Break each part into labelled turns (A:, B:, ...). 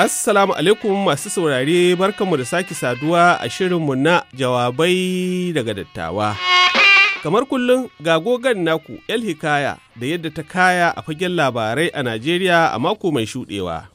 A: Assalamu alaikum masu saurare barkanmu da sake saduwa a shirinmu na jawabai daga dattawa. Kamar kullum ga gogan naku El Hikaya da yadda ta kaya a fagen labarai a Najeriya a mako mai shudewa.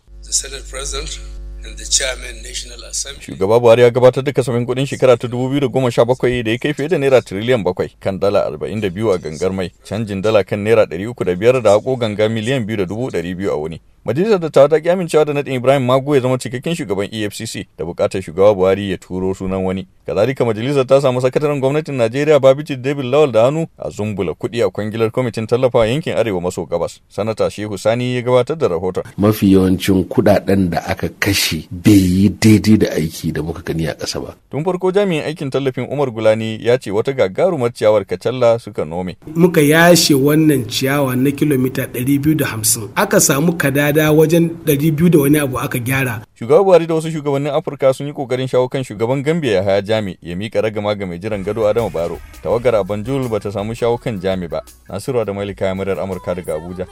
A: Shugaba Buhari ya gabatar
B: da kasafin kudin shekara ta 2017 da ya kai fiye da naira tiriliyan bakwai kan dala 42 a gangar mai, canjin dala kan naira 305 da hako ganga miliyan 2.200 a wuni. Majalisar Dattawa ta ki amincewa da nadin Ibrahim Mago ya zama cikakken shugaban EFCC da bukatar shugaba Buhari ya turo sunan wani. Kazalika majalisar ta samu sakataren gwamnatin Najeriya Babiji David Lawal da hannu a zumbula kuɗi a kwangilar kwamitin tallafa yankin Arewa maso gabas. Sanata Shehu Sani ya gabatar da rahoton. Mafi yawancin kuɗaɗen da aka kashe bai yi daidai da aiki da muka gani a ƙasa ba. Tun farko jami'in aikin tallafin Umar Gulani ya ce wata gagarumar ciyawar kacalla suka nome. Muka yashe wannan ciyawa na kilomita 250. Aka samu kadada lada wajen ɗari biyu da wani abu aka gyara. Shugaban Buhari da wasu shugabannin Afirka sun yi kokarin shawo kan shugaban Gambia Yahaya Jami ya mika ragama ga mai jiran gado Adamu Baro. Tawagar Abanjul ba ta samu shawo kan Jami ba. Nasiru da Malika ya murar Amurka daga Abuja,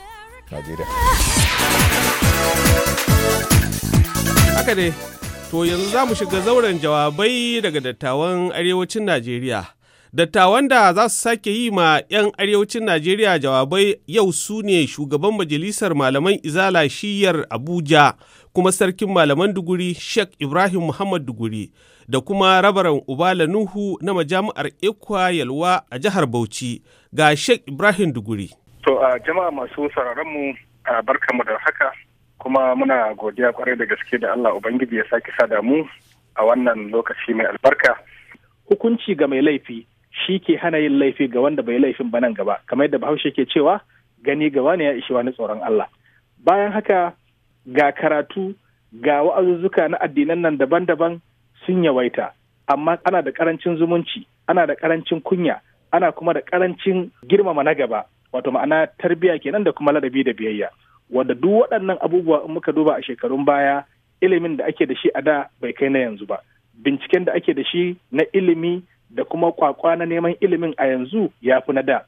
B: Najeriya.
A: Haka dai, to yanzu za mu shiga zauren jawabai daga dattawan arewacin Najeriya. Dattawan da za su sake yi ma 'yan arewacin Najeriya jawabai yau su ne shugaban majalisar malaman izala shiyar Abuja kuma sarkin malaman duguri Sheikh Ibrahim Muhammad duguri da kuma rabaran Ubala Nuhu na majami'ar Ikwa Yalwa a jihar Bauchi ga Sheikh Ibrahim duguri.
B: To a jama'a masu sararanmu a barkanmu da haka kuma muna godiya kwarai da gaske da Allah Ubangiji ya sake sada mu a wannan lokaci mai albarka. Hukunci ga mai laifi shi ke hana yin laifi ga wanda bai laifin ba nan gaba kamar yadda bahaushe ke cewa gani gaba ne ya ishi wani tsoron Allah bayan haka ga karatu ga wa'azuzzuka na addinan nan daban-daban sun yawaita amma ana da karancin zumunci ana da karancin kunya ana kuma da karancin girmama na gaba wato ma'ana tarbiyya kenan da kuma ladabi da biyayya wanda duk waɗannan abubuwa in muka duba a shekarun baya ilimin da ake da shi a da bai kai na yanzu ba binciken da ake da shi na ilimi da kuma kwakwa na neman ilimin a yanzu ya fi na da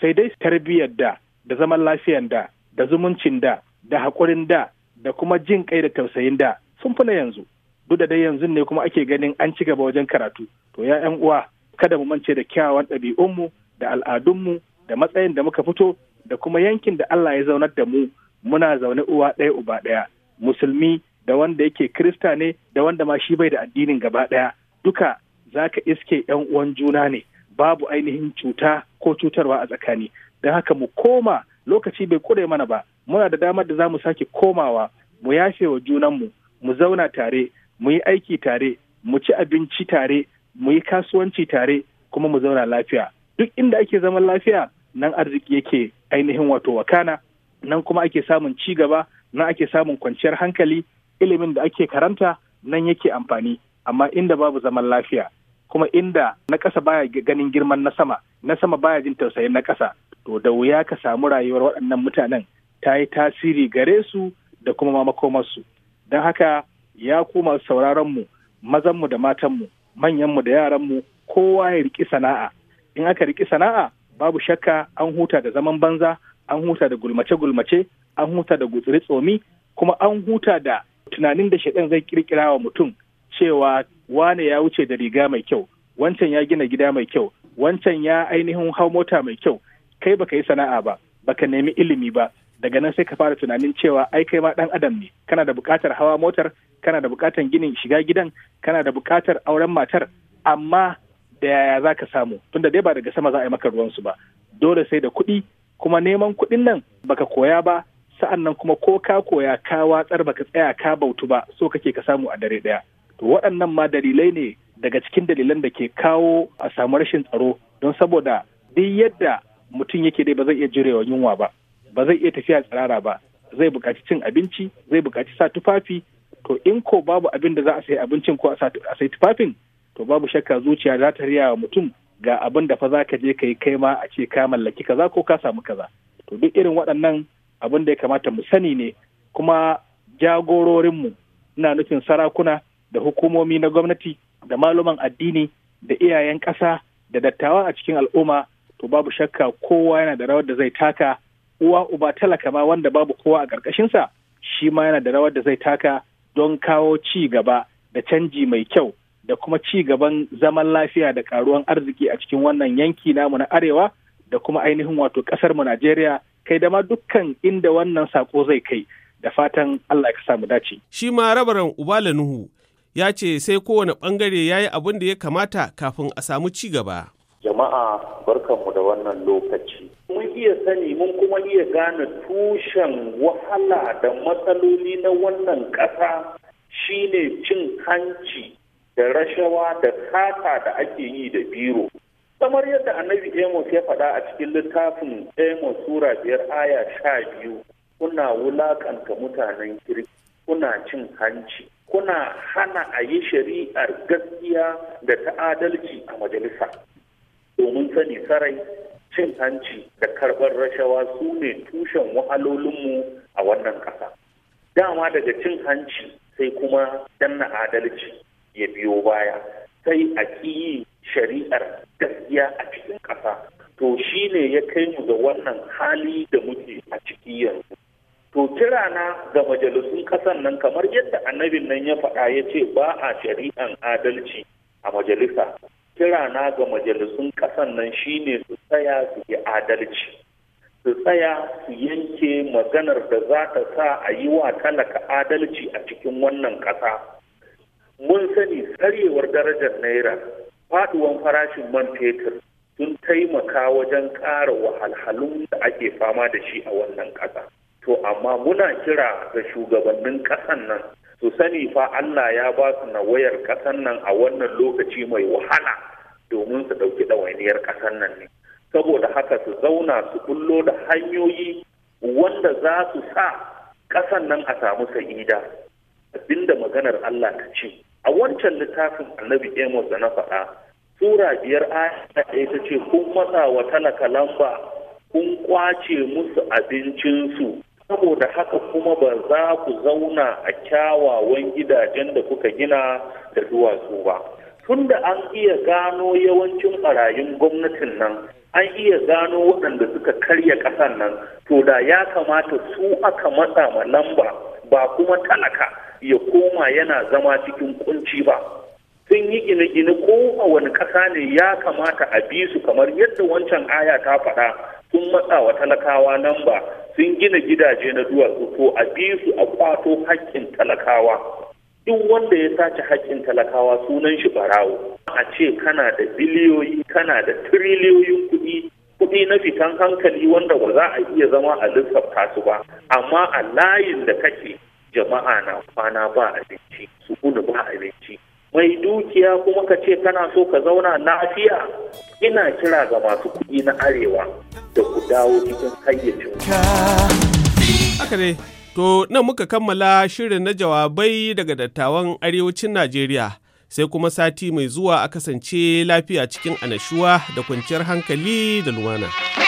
B: sai dai tarbiyyar da da zaman lafiyar da da zumuncin da da haƙurin da da kuma jin kai da tausayin da sun fi na yanzu duk da dai yanzu ne kuma ake ganin an ci gaba wajen karatu to ya yan uwa kada mu mance da kyawawan ɗabi'unmu da al'adunmu da matsayin da muka fito da kuma yankin da Allah ya zaunar da mu muna zaune uwa ɗaya uba ɗaya musulmi da wanda yake kirista ne da wanda ma shi bai da addinin gaba ɗaya duka za ka iske 'yan uwan juna ne babu ainihin cuta ko cutarwa a tsakani don haka mu koma lokaci bai kure mana ba muna da damar da za mu sake komawa mu yafe wa junanmu mu zauna tare mu yi aiki tare mu ci abinci tare mu yi kasuwanci tare kuma mu zauna lafiya duk inda ake zaman lafiya nan arziki yake ainihin wato wakana nan kuma ake samun ci gaba nan ake samun kwanciyar hankali ilimin da ake karanta nan yake amfani amma inda babu zaman lafiya kuma inda na ƙasa baya ganin girman na sama na sama baya jin tausayin na ƙasa to da wuya ka samu rayuwar waɗannan mutanen ta yi tasiri gare su da kuma ma makomarsu don haka ya kuma sauraron mu mazanmu da matanmu manyanmu da yaranmu kowa ya riƙi sana'a in aka riƙi sana'a babu shakka an huta da zaman banza an huta da gulmace-gulmace an huta da gutsiri tsomi kuma an huta da tunanin da shaɗan zai ƙirƙira wa mutum cewa wane ya wuce da riga mai kyau wancan ya gina gida mai kyau wancan ya ainihin hau mota mai kyau kai baka yi sana'a ba baka nemi ilimi ba daga nan sai ka fara tunanin cewa ai kai ma dan adam ne kana da bukatar hawa motar kana da bukatar ginin shiga gidan kana da bukatar auren matar amma da yaya za ka samu tunda dai ba daga sama za a yi maka ruwansu ba dole sai da kuɗi kuma neman kuɗin nan baka koya ba sa'an nan kuma ko ka koya ka watsar baka tsaya ka bautu ba so kake ka samu a dare ɗaya to waɗannan ma dalilai ne daga cikin dalilan da ke kawo a samu rashin tsaro don saboda duk yadda mutum yake dai ba zai iya jirewa yunwa ba ba zai iya tafiya tsirara ba zai buƙaci cin abinci zai buƙaci sa tufafi to in ko babu abin da za a sayi abincin ko a sai tufafin to babu shakka zuciya za ta riya wa mutum ga abin da fa za ka je ka yi kai ma a ce ka mallaki kaza ko ka samu kaza to duk irin waɗannan abin da ya kamata mu sani ne kuma jagororinmu ina nufin sarakuna da hukumomi na gwamnati da malaman addini da iyayen ƙasa da dattawa a cikin al'umma to babu shakka kowa yana da rawar da zai taka uwa uba talaka ma wanda babu kowa a ƙarƙashinsa shi ma yana da rawar da zai taka don kawo ci gaba da canji mai kyau da kuma ci gaban zaman lafiya da karuwan arziki a cikin wannan yanki namu na arewa da kuma ainihin wato ƙasar mu Najeriya kai da ma dukkan inda wannan sako zai kai da fatan
C: Allah ya samu dace.
A: Shi ma rabaran Ubala Nuhu ya ce sai kowane ɓangare ya yi abin da ya kamata kafin a samu ci gaba.
C: Jama'a barkanmu da wannan lokaci. Mun iya sani mun kuma iya gane tushen wahala da matsaloli na wannan ƙasa shine cin hanci da rashawa da kata da ake yi da biro. kamar yadda annabi Amos ya faɗa a cikin littafin Amos Sura biyar aya sha biyu kuna wulaƙanta mutanen kirki kuna cin hanci kuna hana a yi shari'ar gaskiya da ta adalci a majalisa domin sani sarai cin hanci da karɓar rashawa su ne tushen wahalolinmu a wannan ƙasa dama daga cin hanci sai kuma danna adalci ya biyo baya sai a yi shari'ar gaskiya a cikin ƙasa to shi ne ya kai mu ga wannan hali da muke a ciki yanzu to kirana ga majalisun ƙasan nan kamar yadda annabin nan ya faɗa ya ce ba a shari'an adalci a majalisa kirana ga majalisun ƙasan nan shine su tsaya su yi adalci su tsaya su yanke maganar da za ta sa a yi wa talaka adalci a cikin wannan ƙasa mun sani sarewar darajar naira faduwan farashin man fetur sun taimaka wajen ƙara wahalhalun da ake fama da shi a wannan ƙasa to amma muna kira ga shugabannin ƙasan nan su sani fa Allah ya ba su na wayar ƙasan nan a wannan lokaci mai wahala domin su ɗauki ɗawainiyar ƙasan nan ne saboda haka su zauna su kullo da hanyoyi wanda za su sa ƙasan nan a samu sa'ida abinda maganar Allah ta ce a wancan littafin annabi Amos da na faɗa sura biyar aya ɗaya ta ce kun matsa wa talaka lamba kun kwace musu abincinsu saboda haka kuma ba za ku zauna a kyawawan gidajen da kuka gina da duwatsu ba tunda an iya gano yawancin barayin gwamnatin nan an iya gano waɗanda suka karya ƙasar nan to da ya kamata su aka matsa ma lamba ba kuma talaka ya koma yana zama cikin kunci ba sun yi gine-gine ko a wani ƙasa ne ya kamata a bi su kamar yadda wancan aya ta faɗa sun matsa wa talakawa nan ba sun gina gidaje na duwatsu ko a bi su a kwato haƙƙin talakawa duk wanda ya sace haƙƙin talakawa sunan shi barawo a ce kana da biliyoyi kana da tiriliyoyin kuɗi kuɗi na fitan hankali wanda ba za a iya zama a lissafta su ba amma a layin da kake jama'a na kwana ba abinci su ba abinci mai dukiya kuma ka ce kana so ka zauna lafiya ina kira ga masu kuɗi na arewa da ku dawo cikin hayyacin
A: haka ne to nan muka kammala shirin na jawabai daga dattawan arewacin najeriya sai kuma sati mai zuwa a kasance lafiya cikin anashuwa da kwanciyar hankali da lumana.